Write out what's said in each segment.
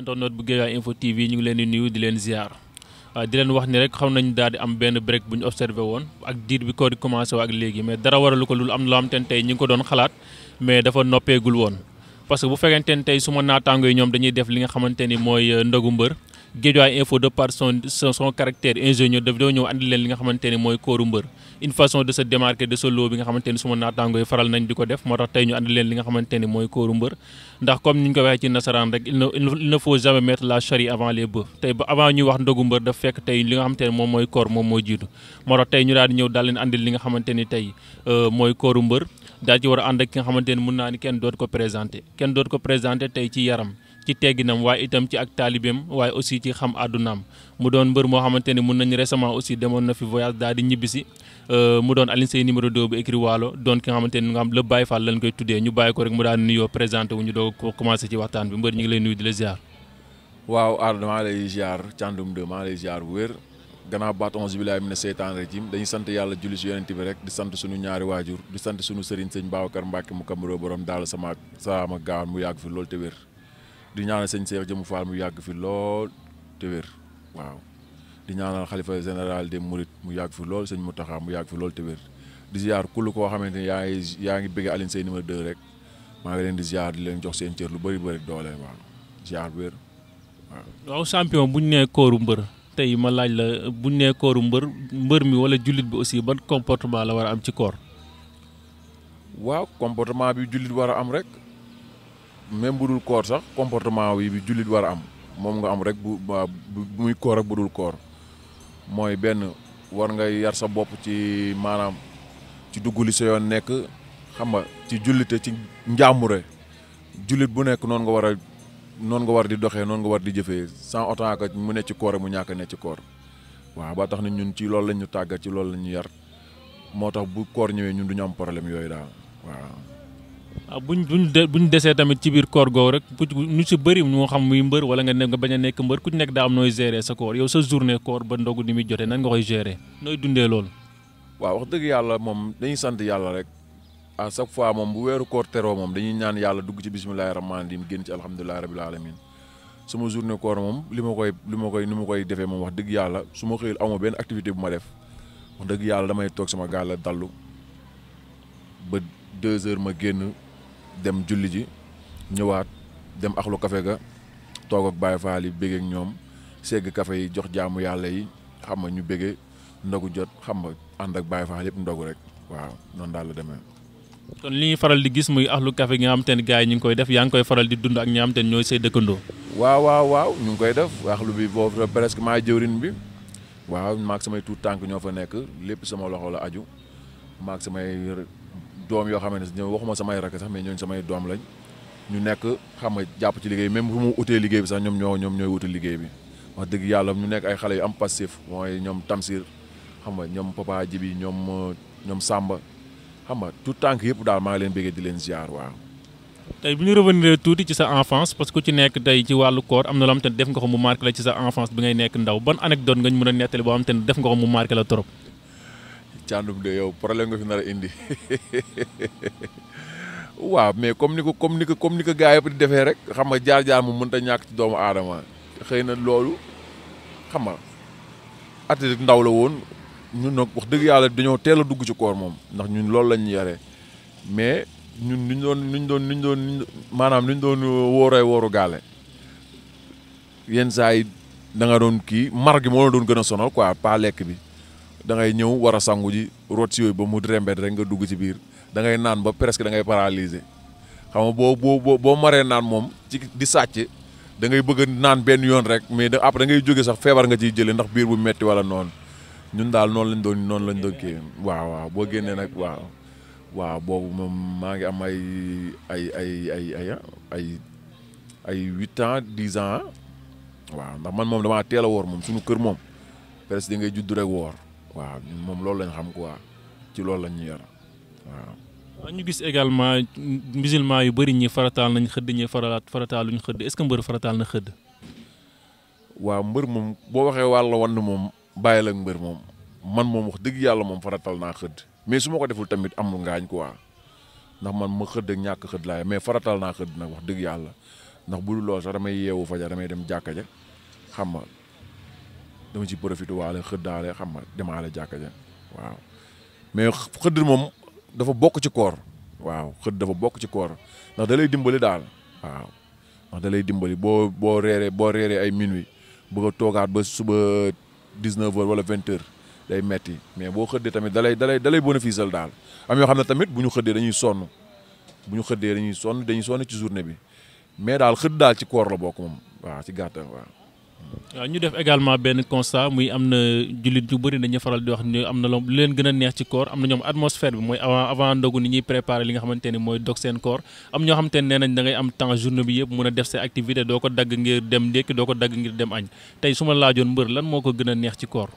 internet bu Guédiawaye info TV ñu ngi leen di di leen ziar ah, di leen wax ni rek xam nañ daal di am benn break bu ñu observé woon ak diir bi koor di ak léegi mais dara waralu ko loolu am na am ten tey ñu ngi ko doon xalaat mais dafa noppeegul woon parce que bu fekkente ne tey su ma naataangoo yi ñoom dañuy def li nga xamante ni mooy euh, ndogu mbër Guédiawaye Info de par son son caractère ingénieux daf doo ñëw andi leen li nga xamante ne mooy kóoru mbër une façon de se démarquer de ce lot bi nga xamante ko leen li xamante ne mooy kóoru mbër ndax comme ni ñu ko waxee ci nasaraan rek il ne il ne mettre la charrue avant les bœufs tey ba avant ñuy wax ndogu mbër daf fekk tey li nga xamante ne moom mooy koor moom moo jiitu moo tax tey ñu daal di ñëw daal leen andil li nga xamante ni tey euh, mooy kóoru mbër daal ci war a ànd ki nga xamante ne mën naa ni kenn doot ko présenté kenn doot ko présenté tey ci yaram ci tegginam waaye itam ci ak taalibeem waaye aussi ci xam àddunaam mu doon mbër moo xamante ni mun nañu récemment aussi demoon na fi voyage daal di ñibbisi euh, mu doon Alioune Seye numéro 2 bu écrit doon ki nga xamante ni nga xam la Baye Fall lañ koy tuddee ñu bàyyi ko rek mu daal nuyoo présenté wu ñu doog ko commencé ci waxtaan bi mbër ñu ngi lay nuyu di la ziar. waaw Ardo maa lay ziar Thiandoum 2 maa lay ziar bu wér gannaaw baat onze bilaay mina seytaan rajim dañuy sant yàlla julli si yonent bi rek di sant suñu ñaari waajur sant suñu sëriñ sëñ Babacar Mbacke mu kambaroo borom daal sama sama gaawaan mu yàgg fi loolu te di ñaanal sëñ Cheikh Jëmu Fall mu yàgg fi lool te wér waaw di ñaanal xalifa général de Mourides mu yàgg fi lool sëñ Mountakha mu yàgg fi lool te wér di ziar kull koo xamante ni yaa ngi yaa ngi bëgg Alioune Seye numéro 2 rek maa ngi leen di ziar di leen jox seen cër lu bëri bëri doole waaw ziar wér waaw. waaw champion bu ñu nee kooru mbër tey ma laaj la buñ nee kooru mbër mbër mi wala jullit bi aussi ban comportement la war a am ci koor. waaw comportement bi jullit war a am rek. même bu dul koor sax comportement wi bi jullit war a am moom nga am rek bu bu muy koor ak bu dul koor mooy benn war nga yar sa bopp ci maanaam ci dugg li sa yoon nekk xam nga ci jullite ci njàmbure jullit bu nekk noonu nga war a noonu nga war di doxee noonu nga war di jëfee sans autant que mu ne ci koor mu ñàkk ne ci koor waaw ba tax na ñun ci loolu lañ ñu tàggat ci loolu lañu yar moo tax bu koor ñëwee ñun du am problème yooyu daal waaw. waaw ah, buñ buñ buñ desee tamit ci biir koor googu rek ñu si bëri moo xam muy mbër wala nga ne nga bañ a nekk mbër ku ci nekk daa am nooy gérer sa koor yow sa journée koor ba ndogu ni muy jotee nan nga koy gérer nooy dundee loolu. waaw wax dëgg yàlla moom dañuy sant yàlla rek à chaque fois moom bu weeru koor teroo moom dañuy ñaan yàlla dugg ci bisimilahi rahmaani rahim génn ci alhamdulilahi rabil alamin sama journée koor moom li ma koy li ma koy ni ma koy defee moom wax dëgg yàlla su ma xëyul amoo benn activité bu ma def wax dëgg yàlla damay toog sama gaal la deux heures ma génn dem julli ji ñëwaat dem axlu kafe ga toog ak Baye Fall yi bégeeg ñoom segg kafe yi jox jaamu yàlla yi xam nga ñu bége ndogu jot xam nga ànd ak Baye Fall yëpp ndogu rek waaw noon daal la demee. kon li ñuy faral di gis muy axlu kafe gi nga xam te ne gars yi ñu ngi koy def yaa ngi koy faral di dund ak ñi nga xam te ne dëkkandoo. waaw waaw waaw ñu ngi koy def axlu bi boobu presque maa jëwrin bi waaw maag samay tuut tànk ñoo fa nekk lépp sama loxo la aju maag samay doom yoo xam ne waxuma samay rakk sax mais ñooñ samay doom lañ ñu nekk xam nga jàpp ci liggéey même bu mu utee liggéey bi sax ñoom ñoo ñoom ñooy wuti liggéey bi wax dëgg yàlla ñu nekk ay xale yu am passif mooy ñoom Tamsir xam nga ñoom ñoom ñoom Samba xam nga tout tànk yëpp daal maa leen bëggee di leen ziar waaw. tey bu ñu revenir tuuti ci sa enfance parce que ci nekk tey ci wàllu koor am na loo xam te def nga ko mu la ci sa enfance bi ngay nekk ndaw ban anecdote nga a nettali nga ko Thiandoum de yow problème nga fi nar a indi waaw mais comme ni ko comme ni ko comme ni ko gars yëpp di defee rek xam nga jaar-jaar mu mënta ñàkk ci doomu aadama xëy na loolu xam nga atletik ndaw la woon ñun nag wax dëgg yàlla dañoo teel a dugg ci koor moom ndax ñun loolu lañ ñu yore mais ñun ñu doon ñu doon ñu doon maanaam ñu doon wóoree wóoru gaale yenn saa yi da nga doon kii mar gi moo la doon gën a sonal quoi pas lekk bi. da ngay ñëw war a sangu ji root si yooyu ba mu rembet rek nga dugg ci biir da ngay naan ba presque dangay ngay paralysé xam nga boo boo boo maree naan moom ci di sàcc da ngay bëgg a naan benn yoon rek mais da après ngay jóge sax feebar nga ciy jëlee ndax biir bu metti wala noonu ñun daal noonu lañ doon noonu lañ doon kii waaw boo génnee nag waaw waaw boobu moom maa ngi am ay ay ay ay ay ah, ay ay huit ans dix ans ah. waaw ndax man moom damaa teel a woor moom suñu kër moom presque da ngay judd rek woor waaw moom loolu lañ xam quoi ci loolu lañ ñu yar waaw. ñu gis également musulman yu bëri ñi farataal nañ xëdd ñi farataal farataal luñ xëdd est-ce que mbër farataal na xëdd. waaw mbër moom boo waxee wàlla wan moom bàyyi la mbër moom man moom wax dëgg yàlla moom faratal naa xëdd mais su ma ko deful tamit amul ngaañ quoi ndax man ma xëdd ak ñàkk xëdd laay mais faratal naa xëdd nag wax dëgg yàlla ndax bu dul loolu sax damay yeewu fajar damay dem jàkka ja xam nga dama ci profité waale xëddaale xam ma demaale jàkka ja waaw mais xëdd moom dafa bokk ci koor waaw xëdd dafa bokk ci koor ndax da dimbali daal waaw ndax da lay dimbali boo boo reeree boo reeree ay minuit bëgg a toogaat ba suba 19 heures wala 20 day metti mais boo xëddee tamit dalay dalay dalay bénéficier daal am yoo xam ne tamit bu ñu xëddee dañuy sonn bu ñu xëddee dañuy sonn dañuy sonn ci journée bi mais daal xëdd daal ci koor la bokk moom ci gàttal waaw waaw ñu def également benn constat muy am na jullit yu bëri dañuy faral di wax ni am na lu leen gën a ci koor am na ñoom atmosphère bi mooy avant avant ndogu ni ñuy nga xamante ni mooy dog seen koor am xamante ne nee nañ da ngay am temps journée bi yëpp mun a def sa activité doo ko dagg ngir ko dagg ngir dem añ tey su ma laajoon mbër lan moo ko gën a neex ci koor.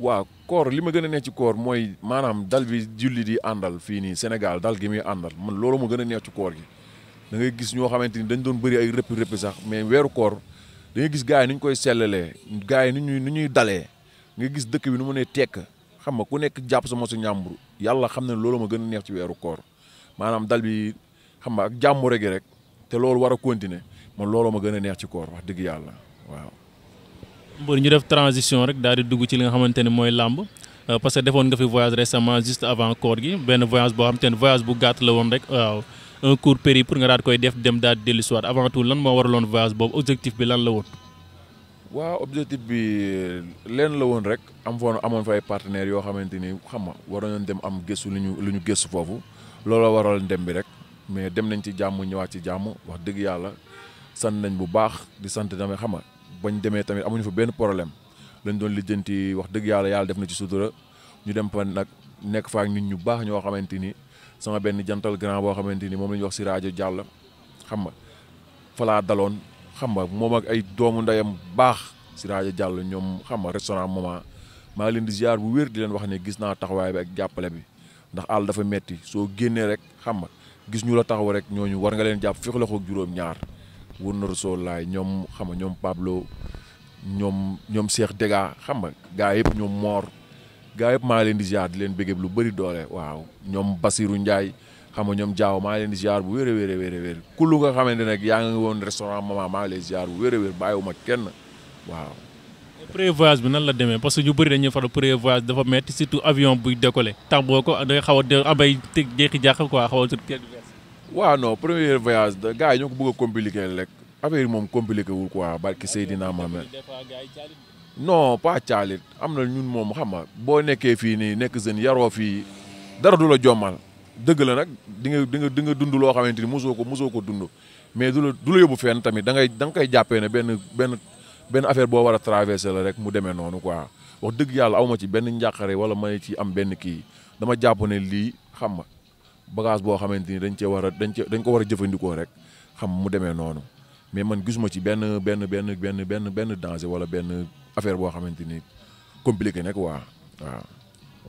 waaw koor li ma gën a neex ci koor mooy maanaam dal bi julli di àndal fii nii Sénégal dal gi muy man loolu ma gën a neex ci koor yi da ngay gis ñoo xamante ni dañ doon bëri ay rëpp rëpp sax mais weeru koor da gis gars yi nu ñu koy sellalee gars yi ni ñuy nu ñuy dalee nga gis dëkk bi nu mu nee tekk xam nga ku nekk jàpp sa mosu ñàmbur yàlla xam ne loolu ma gën a neex ci weeru koor maanaam dal bi xam nga ak jàmbure gi rek te loolu war a continuer man loolu ma gën a neex ci koor wax dëgg yàlla waaw. mbër ñu def transition rek daal di dugg ci li nga xamante ne mooy làmb euh, parce que defoon nga fi voyage récemment juste avant koor gi benn voyage boo xam te ne voyage bu gàtt la woon rek un court péri pour nga daal koy def dem daal dellu si waat avant tout lan moo waraloon voyage boobu objectif bi lan la woon. waaw objectif bi euh, leen la woon rek am foon amoon fa ay partenaires yoo xamante ni xam nga war nañoon dem am gëstu lu ñu lu ñu gëstu foofu looloo waral dem bi rek mais dem nañ ci jàmm ñëwaat ci jàmm wax dëgg yàlla sant nañ bu baax di sant tamit xam nga bañ demee tamit amuñu fa benn problème lañ doon lijjanti wax dëgg yàlla yàlla def na ci sutura ñu dem fa nag nekk fa ak nit ñu baax ñoo xamante ni sama benn jantal grand boo xamante ni moom la wax si rajo jàll xam nga falaa daloon xam nga moom ak ay doomu ndeyam baax si rajo jàll ñoom xam nga restaurant moment maa ngi leen di ziar bu wér di leen wax ne gis naa taxawaay bi ak jàppale bi ndax àll dafa metti soo génnee rek xam nga gis ñu la taxaw rek ñooñu war nga leen jàpp fii la ko juróom ñaar wër na soo laay ñoom xam nga ñoom Pablo ñoom ñoom Cheikh Dega xam nga gaa yëpp ñoom Mor. gaa yëpp maa leen di ziar di leen bëggee lu bëri doole waaw ñoom Basirou Ndiaye xam nga ñoom Diaw maa leen di ziar bu wér a wér a wér a wér kullu nga xamante ne yaa ngi woon restaurant maman maa ngi lay ziar bu wér a wér bàyyiwuma kenn waaw. premier voyage bi nan la demee parce que ñu bëri dañuy faral premier voyage dafa metti surtout avion buy décoller tàmboo ko day xaw a abay jeexi jàq quoi xaw a tur. waaw non premier voyage da gars yi ñoo ko bëgg a compliqué rek affaire yi moom compliqué wul quoi barki Seydina Mohamed. non pas caalit am na ñun moom xam nga boo nekkee fii nii nekk jeune yaroo fii dara du la jommal dëgg la nag di nga di nga di nga dund loo xamante ni mosoo ko mosoo ko dund mais du la du la yóbbu fenn tamit da ngay da nga koy jàppee ne benn benn benn affaire boo war a traversé la rek mu demee noonu quoi wax dëgg yàlla awma ci benn njàqare wala ma ci am benn kii dama jàpp lii xam nga bagage boo xamante ni dañ cee war a dañ cee dañ ko war a jëfandikoo rek xam mu demee noonu mais man gisuma ci benn benn benn benn benn benn danger wala benn affaire boo xamante ni compliqué nag waa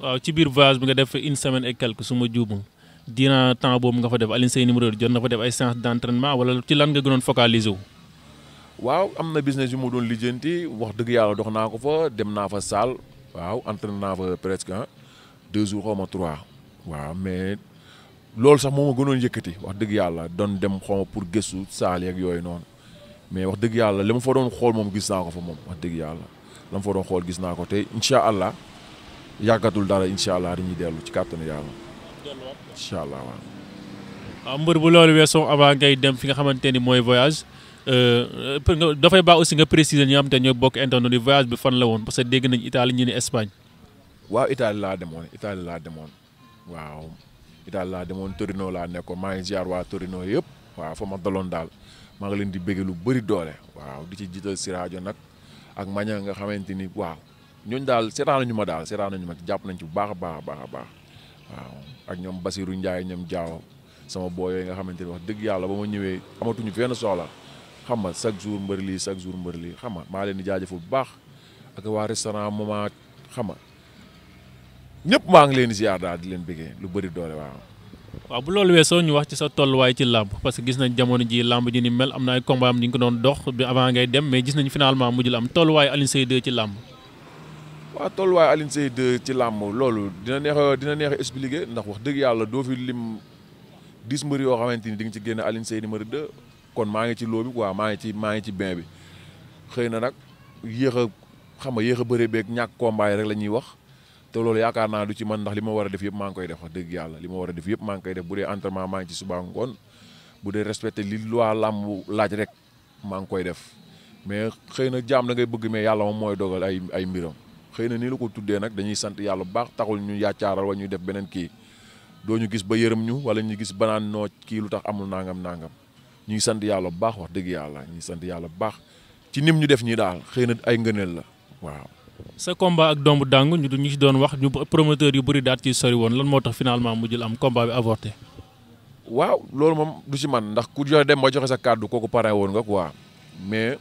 waaw. ci biir voyage bi nga def une semaine et quelque su ma juumul dina temps boobu nga fa def Alioune Seye numéro jot na fa def ay séance d' entraînement wala ci lan nga gënoon focaliser wu. waaw am na business yu ma doon lijjanti wax dëgg yàlla dox naa ko fa dem naa fa salle waaw entraîné naa fa presque deux jours xaw ma trois waaw mais loolu sax moo ma gënoon yëkkati wax dëgg yàlla doon dem xaw pour gëstu saal yooyu noonu. mais wax dëgg yàlla li ma fa doon xool moom gis naa ko fa moom wax dëgg yàlla la ma fa doon xool gis naa ko te incha allah yàggatul dara incha allah dañuy dellu ci kàttanu yàlla incha allah waaw. Ah, mbër bu loolu weesoo avant ngay dem fi nga xamante ni mooy voyage euh, dafay baax aussi nga préciser ñi nga xamante ne ñooy bokk internet yi voyage bi fan la woon parce que dégg nañ Italie ñu ne Espagne. waaw Italie laa demoon Italie laa demoon waaw Italie laa demoon Torino laa nekkoon maa ngi ziar waa Torino yëpp waaw fa ma daloon daal. maa ngi leen di bëgg lu bari doole waaw di ci jiital siraajo nag ak maña nga xamante ni waaw ñooñu daal seetaan ñu ma daal seetaan ñu ma jàpp nañ ci bu baax a baax a baax a waaw ak ñoom Basirou Ndiaye ñoom jaaw sama booyooy nga xamante ni wax dëgg yàlla ba ma ñëwee amatuñu fenn soxla xam nga chaque jour mbër lii chaque jour mbër lii xam nga maa leen di jaajëfal bu baax ak waa restaurant moment xam nga ñëpp maa ngi leen di ziar daal di leen bëggee lu bari doole waaw waa bu loolu weesoo ñu wax ci sa tolluwaay ci làmb parce que gis nañ jamono ji làmb ji ni mel am na ay combat am ni ko doon dox bi avant ngay dem mais gis nañ finalement mujj la am tolluwaay Alioune Seye 2 ci làmb. waaw tolluwaay alin Seye 2 ci làmb loolu dina neex a dina neex a ndax wax dëgg yàlla doo fi lim dix mbër yoo xamante ni di nga ci génne Alioune Seye numéro 2 kon maa ngi ci loo waa maa ngi ci maa ngi ci bain bi xëy na nag yéex a xam nga yéex a bëree beeg ñàkk combat rek la ñuy wax. te loolu yaakaar naa du ci man ndax li ma war a def yëpp maa ngi koy def wax dëgg war a def yëpp maa ngi koy bu dee entraînement maa ngi ci bu dee respecté li loi làmb laaj rek maa ngi koy def mais xëy na jaam da ngay bëgg mais yàlla moom mooy dogal ay ay mbiram xëy na nii lu ko tuddee nag dañuy sant yàlla bu baax taxul ñu yàccaaral wa ñuy def beneen kii doo ñu gis ba yërëm ñu wala ñu gis banaan noo kii lu tax amul nangam nangam ñuy sant yàlla bu baax wax dëgg yàlla ñuy sant yàlla bu baax ci nim ñu def ñii daal xëy na ay ngëneel la sa combat ak doomu dàngu ñu ñu ci doon wax ñu promoteur yu bëri daat ci sori woon lan moo tax finalement mu jël am combat bi avorté. waaw loolu moom du ci man ndax ku joxe dem ba joxe sa kàddu kooku pare woon nga quoi mais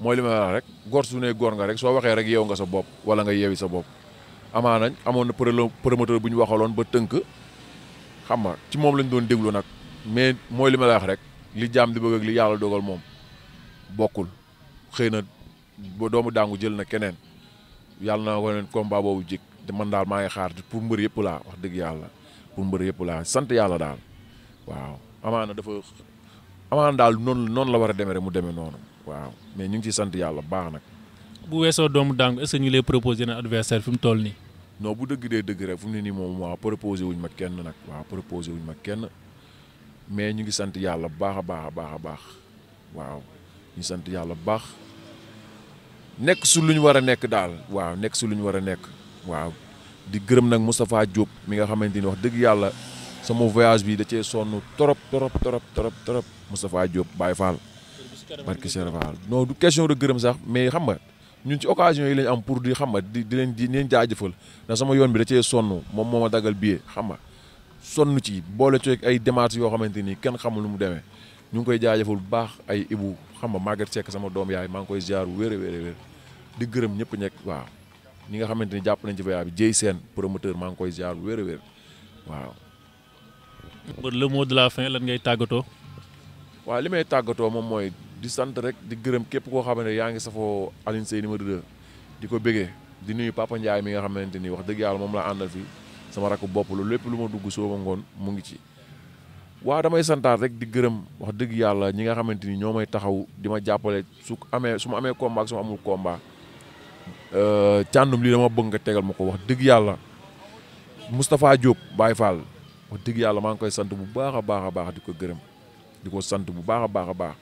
mooy li ma rek góor su ne góor nga rek soo waxee rek yeew nga sa bopp wala nga yeewi sa bopp. amaa amaana amoon na promoteur bu ñu waxaloon ba tënk xam nga ci moom lañ doon déglu nag mais mooy li ma la wax rek li jaam di bëgg ak li yàlla dogal moom bokkul xëy na ba doomu dàngu jël na keneen. yàlla na ko leen combat boobu jik te man daal maa ngi xaar pour mbër yëpp laa wax dëgg yàlla pour mbër yëpp laa sant yàlla daal waaw amaana dafa amaana daal noonu noonu la war a demee rek mu demee noonu waaw mais ñu ngi ciy sant yàlla baax nag. bu weesoo doomu dàng est-ce que ñu lay proposé fi mu toll nii. non bu dëgg dee fu mu ne nii moom waaw proposé wuñ ma kenn nag waaw proposé wuñ ma kenn mais ñu ngi sant yàlla baax a baax a baax a baax waaw ñu sant yàlla baax. nekk su lu ñu war a nekk daal waaw nekk si lu ñu war a nekk waaw di gërëm nag Moustapha Diop mi nga xamante ni wax dëgg yàlla sama voyage bi da cee sonn trop trop trop trop trop Moustapha Diop Baye Fall barki Cheikh Fall non du question de gërëm sax mais xam nga ñun ci occasion yi lañ am pour di xam nga di di leen di leen jaajëfal sama yoon bi da cee sonn moom moo ma dagal billet xam nga sonn ci boole coog ay démarches yoo xamante ni kenn xamul nu mu demee ñu ngi koy jaajëfal bu baax ay Ibu xam nga Maguette Seck sama doom yaay maa ngi koy ziar wér a wéer di gërëm ñëpp nekk waaw ñi nga xamante ni jàpp nañ ci voyage bi Dieye seen promoteur maa ngi koy ziar wéer a wéer waaw. le mot la ngay tàggatoo. waaw li may tàggatoo moom mooy di sant rek di gërëm képp koo xam ne yaa ngi safoo Alioune Seye numéro 2 di ko bëggee di nuyu Papa Ndiaye mi nga xamante ni wax dëgg yàlla moom laa àndal fii sama rakk bopp lu lépp lu ma dugg soo ma ngoon mu ngi ci. waaw damay santaat rek di gërëm wax dëgg yàlla ñi nga xamante ni ñoo may taxaw di ma jàppale su amee su ma amee combat ak su ma amul combat euh, càndum lii dama bëng nga tegal ma ko wax dëgg yàlla mustapha Diop Baye Fall wax dëgg yàlla maa ngi koy sant bu baax a baax di ko gërëm di ko sant bu baax a baax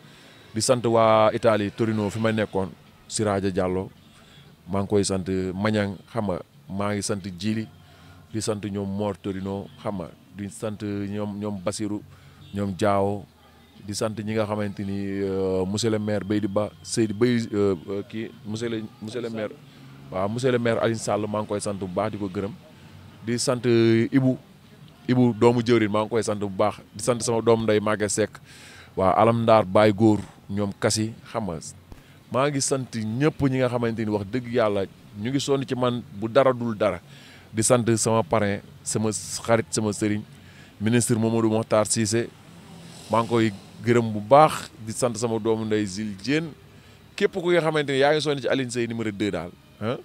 di sant waa Italie Torino fi ma nekkoon Siraja Diallo maa ngi koy sant Mañang xam nga maa ngi sant Jili di sant ñoom Mor Torino xam du sant ñoom ñoom Basirou ñoom Diawo di sant ñi nga xamante ni euh, monsieur le maire Baydi Ba Seydi Bay euh, euh, kii monsieur le monsieur le maire waaw monsieur le maire Alioune Sall maa ngi koy sant bu baax di ko gërëm di sant Ibou ibu doomu jëwrin maa ngi koy sant bu baax di sant sama doom nday Maguette Seck waaw alam ndaar baay Góor ñoom kasi xam nga maa ngi sant ñëpp ñi nga xamante ni wax dëgg yàlla ñu ngi sonn ci man bu dara dul dara di sant sama parrain sama xarit sama sëriñ ministre Mamadou Mokhtar Cissé maa ngi koy gërëm bu baax di sant sama doomu ndey Zil Dieng képp ku nga xamante ne yaa ngi sonn ci Alioune numéro 2 daal ah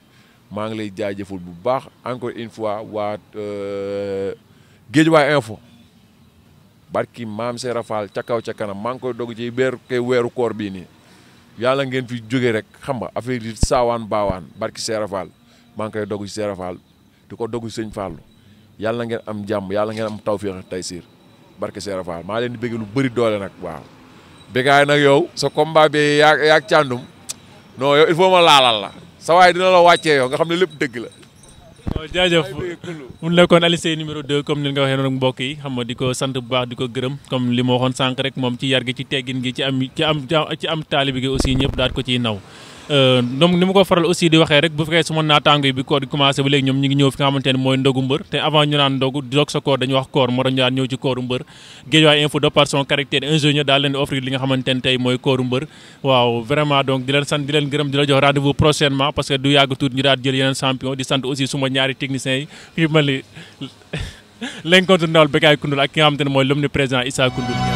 maa ngi lay jaajëful bu baax encore une fois waa euh, Guédiawaye info barki maam Seera Fall ca kaw ca kanam maa ngi koy dog ci beer kay weeru koor bii nii yàlla ngeen fi jóge rek xam nga affaire yi saawaan baawaan barki Seera Fall maa ngi koy dog ci Seera Fall di ko dog sëñ Fallu yàlla ngeen am jàmm yàlla ngeen am tawféex taysiir barke Seera Faal maa leen di bëgg lu bari doole nag waaw. Bécaye nag yow sa combat bi yaa yaa càndum non yow il faut ma laalal la sa waay dina la wàccee yow nga xam ne lépp dëgg la. jaajëf mu nekkoon Alioune Seye numéro 2 comme ni nga waxee noonu mbokk yi xam nga di ko sant bu baax di ko gërëm comme li ma waxoon sànq rek moom ci yar gi ci teggin gi ci am ci am ci am taalibi gi aussi ñëpp daal ko ciy naw. Euh, donc ni ma ko faral aussi di waxee rek bu fekkee suma naataango yi bi koor di commencé ba léegi ñoom ñu ngi ñëw fi nga xamante ne mooy ndogu mbër te avant ñu naan ndogu dog sa koor dañuy wax koor moo tax ñu ñëw ci kooru mbër mooy kooru mbër waaw vraiment donc di leen gërëm di la jox rendez prochainement parce que du yàgg tuuti ñu daal jël yeneen champion di sant aussi suma ñaari techniciens yi fi mel ni l'incontournable Bekay ak ki nga xamante ne mooy l'omniprésent Issa Koundoul